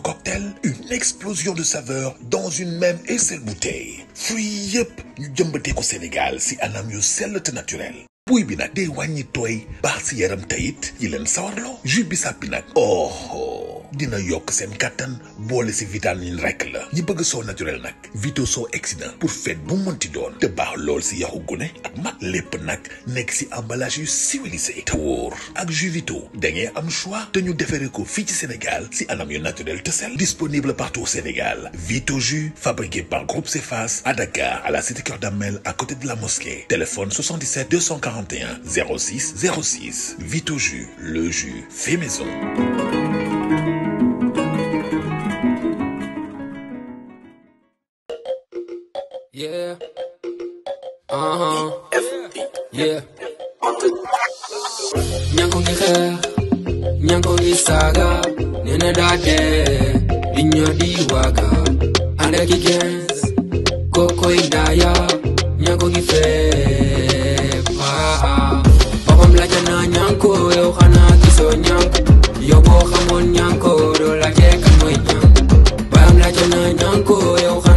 Cocktail, une explosion de saveurs dans une même et seule bouteille fruits yep, nous ñu Sénégal si anam yo mieux naturelle. naturel oui bi des day wàññi tooy baax si yaram tayit yi leen sawarloo jus bi oh. oh dina yokk seen kàttan boole si vitamine rek la ñi bëgg so naturel nag vito soo pour fête bu mënti doon te baax lool si ya gune ak mag lépp nak nekk si emballage civilisé te wóor ak jus vito da am choix te ñu déféré ko fi ci Sénégal si anam yu naturel te sel disponible partout au Sénégal vito jus fabriqué par Groupe Cefas à Dakar à la cité cœur Damel à côté de la mosquée téléphone 77 241 06 06 vito jus le jus fait maison yeah. Uh huh. Yeah. Nyangongi khair, nyangongi saga, nene dade, dinyo diwaga, ande kikens, koko idaya, nyangongi fe Papa mlaja na nyanko, eo khana kiso nyanko, yobo khamon nyanko, do laje kamoy nyanko. Papa mlaja na nyanko, eo khana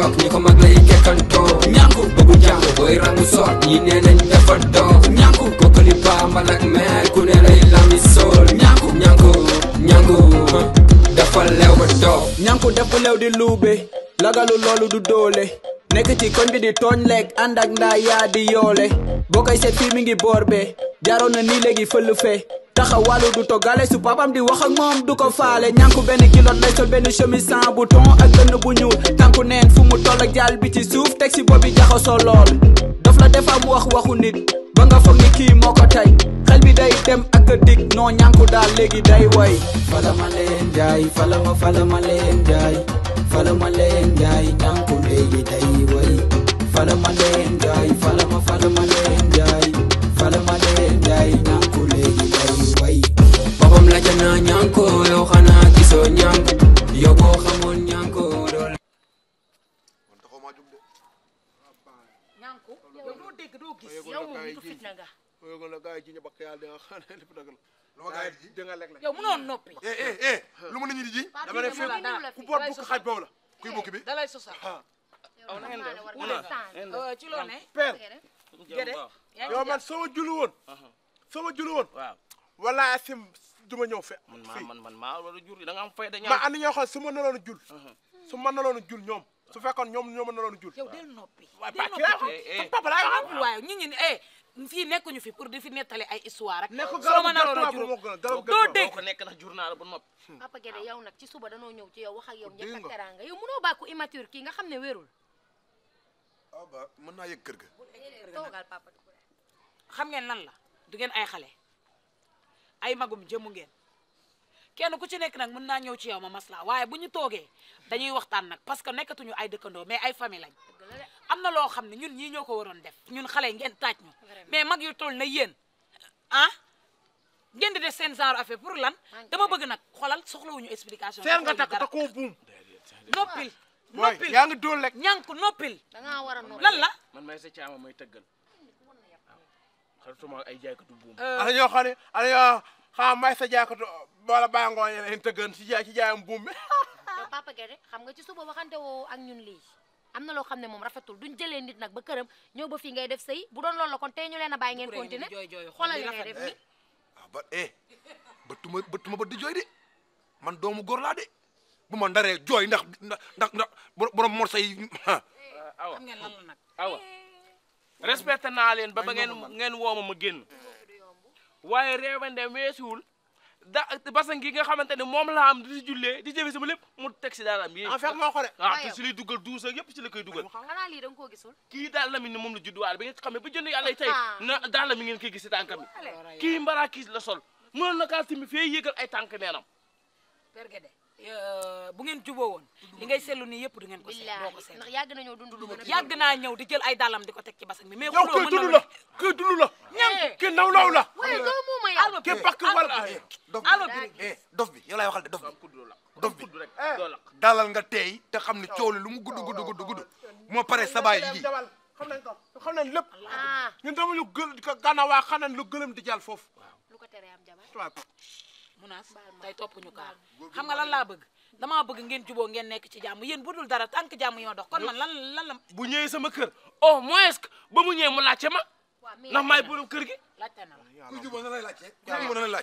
toog ñi ko mag lay kekkantoo ñànku bëggu jàng booy rangu soot ñi nee nañ malak meer ku ne lay lami sool ñànku ñànku ñànku di luube lagalu loolu du doole nekk ci di tooñ lekk ànd ndaa yaa di yoole boo koy seet fii boor be jaroon na nii léegi fël fe taxawalu du togalé su papam di wax ak du ko falé ñànku ben kilote lay sol ben chemise sans bouton ak dënn bu ñuul tànku neen fu mu toll ak jall bi ci souf la defa mu wax waxu nit ba nga foog ni ki moko tay xel bi day dem ak dik, no noo dal daal léegi day woy falama leen jaay falama falama leen jaay falama leen jaay légui day falama jaay falama falama leen na gaay ji ñu bakk yàlla di nga xam ne gaay ji di nga lekk lekk yow mënoon noppi eh eh eh lu mu nañu di ji dama ne fekk ku boot bukk xaaj boobu la kuy bukki bi dalay sosal aw na ngeen def wude ci loo ne père gede yow man sama julu woon sama julu woon waaw wala sim duma ñëw fe man man man ma wala jur da nga am fayda ñaan ma and ñoo xam su ma naloon jul su ma naloon jul ñoom su fekkoon ñoom ñoo ma naloon jul yow del noppi waaw papa laa eh, eh. wax waaw nit ñi eh fii nekkuñu fi pour di fi nettali ay histoire soo ma naroon a juróom doo dégg ko nekk ndax journal bu nopp. Hmm. papa Guède yow nag ci suba danoo ñëw ci yow wax ak yow njëkk ak teraanga yow mënoo bàkku ki kii nga xam ne wérul. ah ba mën naa yëg kër ga. toogal xam ngeen lan la du ngeen ay xale ay magum jëmu ngeen kenn ku ci nekk nag mën naa ñëw ci yow ma masla waaye bu ñu toogee dañuy waxtaan nag parce que nekkatuñu ay dëkkandoo mais ay famille lañ. amna lo xamni ñun ñi ñoko waron def ñun xalé ngeen taaj ñu mais mag yu tol na yeen ah ngeen di def sen genre affaire pour lan dama bëgg nak xolal soxla wuñu explication. fer nga tak takk ko buum. noppil noppil ya nga dool rek ñank noppil. da nga wara a lan la. man may sa chama may teggal xartuma ay jaaykatu buum. Euh. ala ñoo xam ala ya xa may sa jaaykatu wala bàyyi ngoo ñu leen tëggan si jaay si jaayam buum bi. Papa Guèye xam nga ci suba waxante wo ak ñun li amna lo xamne mom rafetul duñ jëlé nit nak ba kërëm ñëw ba fi ngay def sey bu doon loolu la kon tey ñu leena bay ngeen continuer xolal ngay def ni ah ba eh bëttuma bëttuma ba di joy de man doomu gor la de bu ma ndaree joy ndax ndax ndax borom mor sey eh, awa xam ngeen awa eh. respecté naa leen ba ba ngeen ngeen wooma ma genn eh, waye rewande weesuwul da basan gi nga xamante ne moom laa am di jullee di jëfe sama lépp mu teg si daal am yéen. dugal duus ak yëpp si la koy dugal. xanaa lii da nga koo gisul. kii daal la mi ne moom la judd waale bi nga xam ne bu jënd yàlla tey ah. na daal la mi ngeen koy gis kii mbaraa kiis la sol mënoon na kaa timi fee yéegal ay tànk neenam. Euh, bu ngeen juboo woon li ngay seetlu nii yëpp du ngeen ko seet doo ko seet ndax yàgg nañoo dund lu gën a naa ñëw di jël ay dàllam di ko teg ci basak mi mais yow kii dund la kii dund la ñam eh. kii naw law la doo muuma yow kii pakk wala allo bi eh, eh, dof bi yow laay waxal de dof bi dof bi dalal nga teey te xam ne coow lu mu gudd gudd gudd gudd moo pare sabaay yi xam nañ ko xam nañ lépp ah. ñun dama ñu gël gànnaaw waa xam nañ lu gëlëm di jàll foofu lu ko teree am jabar munaas tey topp ñu kaar xam nga lan laa bëgg damaa bëgg ngeen juboo ngeen nekk ci jàmm yéen bu dul dara tànk jàmm yoo ma kon man lan lan la bu ñëwee sama kër au moins ba mu ñëwee mu laajte ma na maay borom kër gi laajte na la ku na lay laajte ku juboo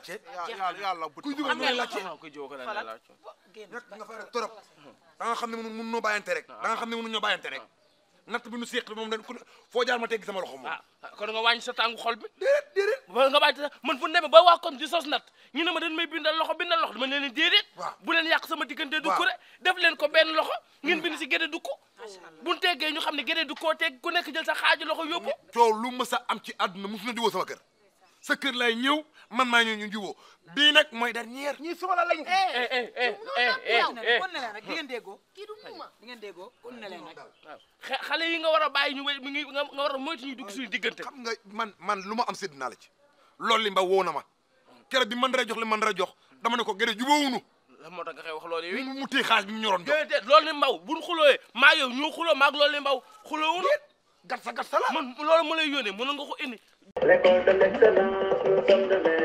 yàlla ku juboo na lay laajte ku juboo na lay laajte xam ne mënu ñoo bàyyante rek da nga xam ne mënu ñoo bàyyante rek natt bi nu séq bi moom dañ foo jaar ma teggi sama loxo moom ah, kon nga wàññi sa tàngu xol bi déedéet déedéet ba nga wàññi sa man fu demee ba waa kon di sos natt ñu ne ma dañ may bindal loxo a loxo dama leen déedéet bu leen yàq sama diggante dukku rek def leen ko benn loxo ngeen mm. bind si gédé dukku buñ teggee ñu xam ne gédé dukkoo teg ku nekk jël sa xaaju loxo yóbbu coow lu mës sa am ci àdduna mosu na di woo sama kër sa keur lay ñew man ma ñëw ñu jubóo eh eh eh dernière ñi la lañ. eh eh eh eh eh, eh, eh kon eh eh rek di ngeen eh ki du eh di ngeen eh kon na leen rek. xalé yi nga wara eh eh ñu mi ngi nga wara eh moytu ñu dugg suñu eh xam nga man man luma eh am sedd na la ci lool li mba eh na ma eh bi man dara jox li man dara jox dama ne ko eh eh eh la mo tax nga eh wax lool yi mu eh xaj ñu eh ñoroon jox eh eh li mbaw buñ eh eh yow ñu xulo ma ak lool li mbaw xulo wuñu eh eh eh eh la man eh ma lay eh eh nga ko indi Record the lecture from the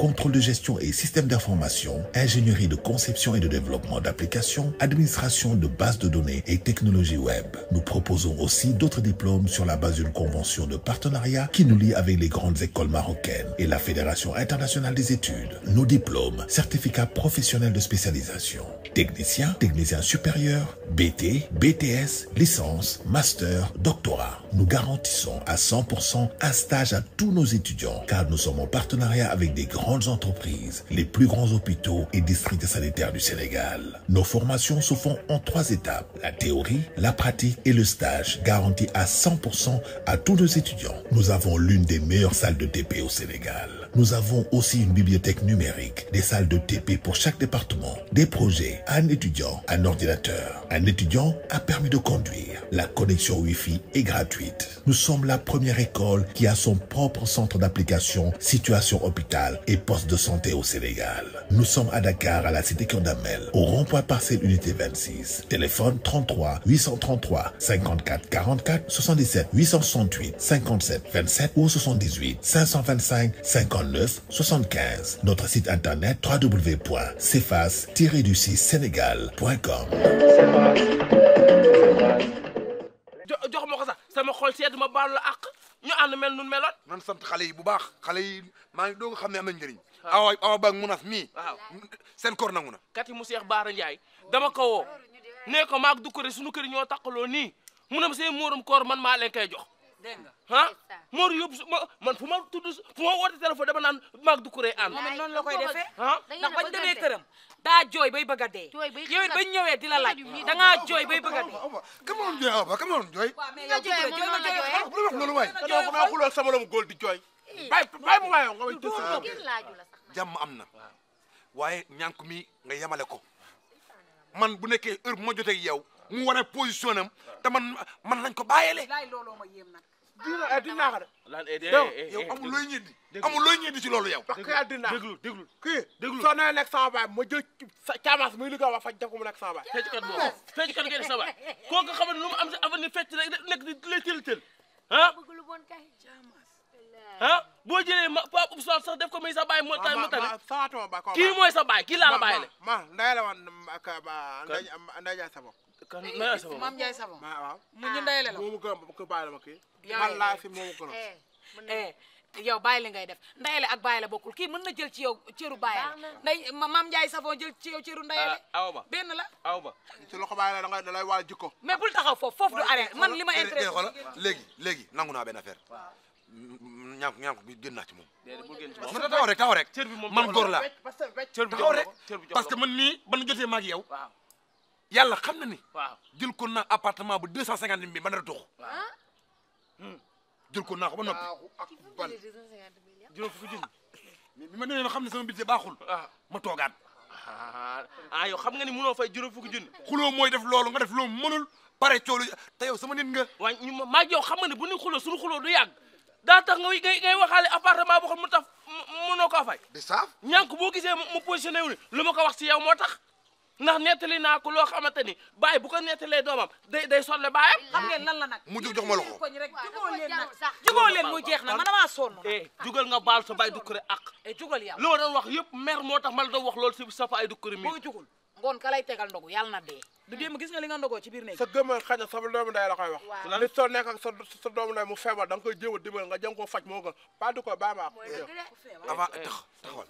contrôle de gestion et système d'information, ingénierie de conception et de développement d'applications, administration de bases de données et technologies web. Nous proposons aussi d'autres diplômes sur la base d'une convention de partenariat qui nous lie avec les grandes écoles marocaines et la Fédération internationale des études. Nos diplômes, certificats professionnels de spécialisation, technicien, technicien supérieur, BT, BTS, licence, master, doctorat nous garantissons à 100% un stage à tous nos étudiants car nous sommes en partenariat avec des grandes entreprises, les plus grands hôpitaux et districts sanitaires du Sénégal. Nos formations se font en trois étapes, la théorie, la pratique et le stage garantis à 100% à tous nos étudiants. Nous avons l'une des meilleures salles de TP au Sénégal. Nous avons aussi une bibliothèque numérique, des salles de TP pour chaque département, des projets, un étudiant, un ordinateur, un étudiant, a permis de conduire. La connexion Wi-Fi est gratuite. Nous sommes la première école qui a son propre centre d'application, situation hôpital et poste de santé au Sénégal. Nous sommes à Dakar, à la cité Condamel, au rond-point parcelle unité 26. Téléphone 33 833 54 44 77 868 57 27 ou 78 525 50 809 75. Notre site internet wwwcefas du sénégalcom jox ma ko sama xol sedd ma baalu ñu and mel nun meloon. man sant xalé yi bu baax xalé yi ma ngi doog xam ne am nañ njëriñ. waaw awa awa ba munas mii. waaw seen koor nangu na. kat yi mu Baara Ndiaye dama ko wo nee ko maag du ko rek suñu kër ñoo taqaloo ni mu ne ma seen muurum man ma leen kay jox. ah Mor yóbbu su ma man fu ma tudd fu ma woote téléphone dama naan maag du kuré ànd. moom it noonu la koy defee. ndax bañ demee këram daa jooy bay bëgg a dee. yow it bañ ñëwee di la laaj da ngaa jooy bay bëgg a dee. kam ma doon jooy awa ba kam ma doon jooy. nga jooyee moom noonu la jooyee bu la wax loolu waay. yow ku eh. ma xuloo mu waayoo nga jàmm am na waaye ñànk mi nga yemale ko. man bu nekkee heure bu ma jotee ak yow mu wane position am te man man lañ ko bàyyeele. looloo dinaa ko de. Eh, eh, eh, yow amul looy ñeenti. amul looy ñeenti ci loolu yow. déglu déglu kii soo sama baay ma jël sa caamaas muy liggéey wax fa def ko mu nekk sama baay. fecc kat boobu fecc kat ngeen sama baay kooku nga xam ne lu mu am sa avenir fecc rek nekk di lay tël tël ah boo jëlee ma Pape soo sax def ko muy sa baay moo tax moo tax kii mooy sa baay kii laa baay le ma nday la wan ak nday jaay sabok kan nday sabok maam jaay sabok waaw mu ñu nday la moomu ko ko baay la ma kii man laa fi eh, eh, eh, bàyyi la ngay def ndayale ak bàyyi la bokkul kii mën na jël ci yow cëru bàyyi la nday maam Ndiaye Savon jël ci yow cëru ndayale ah, aw ba benn la aw ba ci loxo bàyyi la da ngay waa jikko mais bul taxaw foofu foofu du arrêt man li ma intéressé léegi léegi nangu naa benn affaire ñànk ñànk bi génn naa ci moom. man taxaw rek taxaw rek. man góor laa taxaw rek parce que man nii ban jotee ma ak yow. yàlla xam na ni. jël ko naa appartement bu deux cent cinquante mille ba nar a tox. Hmm. jël ko ba noppi. juróom fukki junni. bi ma demee ma xam ne ah. ah, ah, xam nga ni mënoo fay juróom fukki junni. xuloo mooy def loolu nga def loolu mënul pare coolu te sa sama nit nga. waaye ñu ma maa yow nga ne bu ñu xuloo suñu xuloo du yàgg. daa tax ngay ngay ngay waxaale appartement boo xam mu tax mënoo koo fay. di saaf ñànk boo gisee mu positionné wu ni lu ma ko wax si yow moo tax ndax nettali naa ko loo xamante ni baay bu ko nettalee doomam day day solle baayam. xam ngeen lan la nag. mu jóg jox ma loxo rek jugoo leen nag jugoo leen mu jeex na man damaa sonn eh, jugal nga baal sa baay dukkure ak. eh jugal yow loo doon wax yëpp mer moo tax man doon wax loolu si sa fa ay dukkure mi. boo ngoon ka lay tegal ndogu yàlla na dee du démb gis nga li nga ndogoo sa gëmal xaj na sa doomu ndey la koy wax li soo nekk ak sa doomu ndey mu feebar da nga koy jéem a dimbal nga jëm koo faj moo gën pas du ko bàyyi ma avant eh, tax taxawal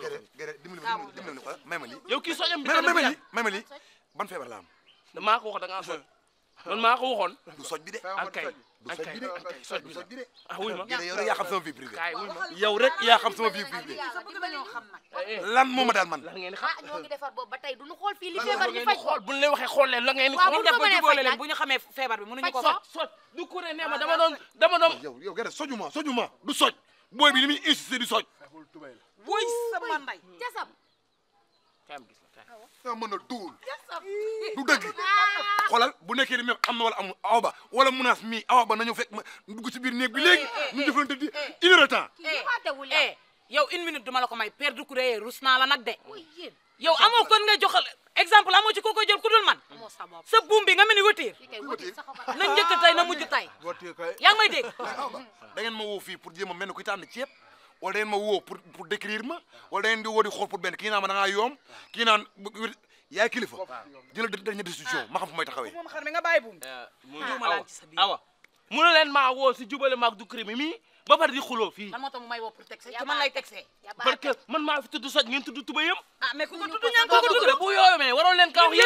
gërë eh, gërë dimbali ma dimbali ma may ma lii yow kii sojam bi may ma may ma ban feebar la am maa ko wax da ngaa soj man maa ko waxoon du soj bi de ak kay du sa gide du sa gide ah wuy ma yaa xam sama vie privée yow rek yaa xam sama vie privée lan moo ma daal man lan ngeen xam ah, ñoo ngi defar boobu ba tey duñu xool fii li feebar bi faj xool buñ lay waxee xool leen la ngeen xool def ba jubóole leen bu ñu xamee feebar bi mënuñu ko faj soj du kuré nee ma ah, dama doon dama soj booy bi muy insisté du soj booy sama nday jasam kaay ma gis la kaay. nga ah mën a duul. du dëgg ah. xoolal bu nekkee ni même am na wala amul aw ba wala menace mi a ba nañu fekk ma dugg ci biir néeg bi eh, léegi. Eh, eh, ñu jëflante di une heure de temps. yow une la ko may père du kuré rus naa la nag de. yow amoo kon nga joxal exemple amoo ci koo koy jël ku dul man. sa buum bi nga mel ni wëtiir. na njëkk tey na mujj tey. yaa may dégg. da ma woo fii pour jéem a mel ni ku tànn ceeb. wala da ngeen ma woo pour pour décrire ma wala da ngeen di woo di xool pour benn kii naa ma da ngaa yoom kii naan yaay kilifa jëlal dernière décision ma xam fu may taxawee. moom xam ne nga bàyyi buum. Eh, ah, awa mënu leen maa woo si jubale maag du crime mi ba pare di xuloo fii. man moo tax mu may woo pour man lay maa fi tudd soj ngeen tudd tuba yëm. ah mais ku ko tudd ñaan ko ko tudd bu yooyomee waroon leen ka wax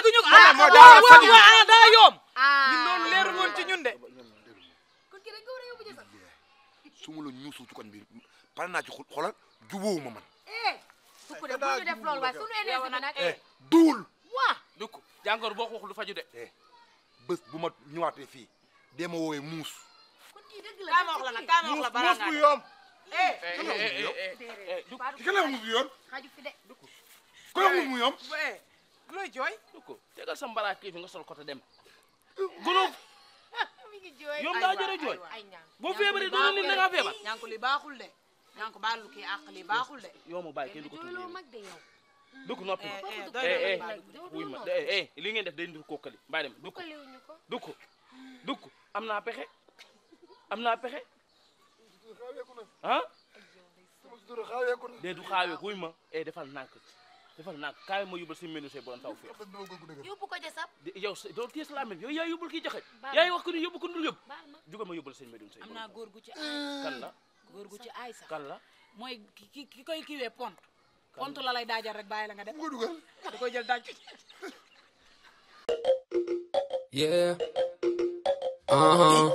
ah. ñun de. pare naa ci xoolal jubóowuma man. Eh, dugg de bu ñu def loolu waaye suñu énergie bi nag. eh waa dugg jàngoor boo ko wax lu faju de. Eh, bés bu ma ñëwaatee fii dee ma woowee muus. kon kii dëgg la kaa ma wax la nag kaa ma wax la Eh, ngaa eh bu yoom. ki kan la eh, muus bu yoom. Kan xaju fi de. ko la kan muus bu yoom. bu lay jooy. dugg tegal sa mbalaa kii fi nga sol côté dem. gulub. mi ngi jooy Joy. daa jëre jooy. boo feebaree doon nit da ngaa feebar. ñànkuli de. yaa ngi kii àq li baaxul de. yow ma bàyyi kenn du ko tudd yow. dugg noppi ma eh, eh, eh, wuy ma li ngeen def day ndur kookali mbaa dem dugg dugg dugg am naa pexe am naa pexe ah. de du xaawee wuy ma eh defal nànk defal nànk kaay ma yóbbal si menu say borom taw fii. yóbbu ko desab. yow sa doo tees laa mel yow yaa yóbbul kii jaxaj. yaa wax ko ni yóbbu ko ndul yóbbu. jugal ma yóbbal seen menu say borom am naa góor ci kan Uh-huh.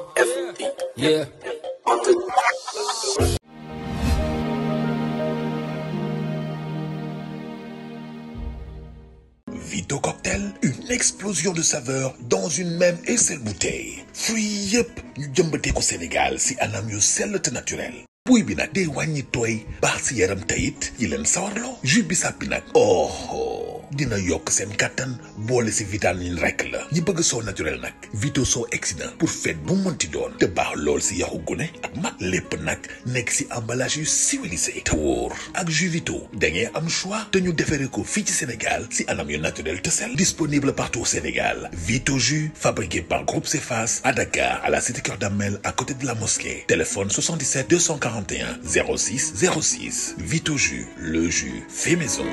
Cocktail, une explosion de saveurs dans une même et seule bouteille Fuyup, yep, ñu Sénégal c'est un la sel naturel puy bi nag day wàññi tooy baax si yaram tayit yi leen sawarloo jus bi sàppi nag oh, oh. dina yok seen katan bolé ci vitamine rek la ñi bëgg so naturel vito excellent pour fête bu mënti doon te baax lool si yaxu gune ak mat lepp nak nek ci emballage yu civilisé te wóor ak jus vito da am choix te ñu ko fi ci Sénégal si anam yu naturel te sel disponible partout au Sénégal vito ju fabriqué par Groupe Cefas à Dakar à la cité cœur Damel à côté de la mosquée téléphone 77 241 06 06 vito ju le jus fait maison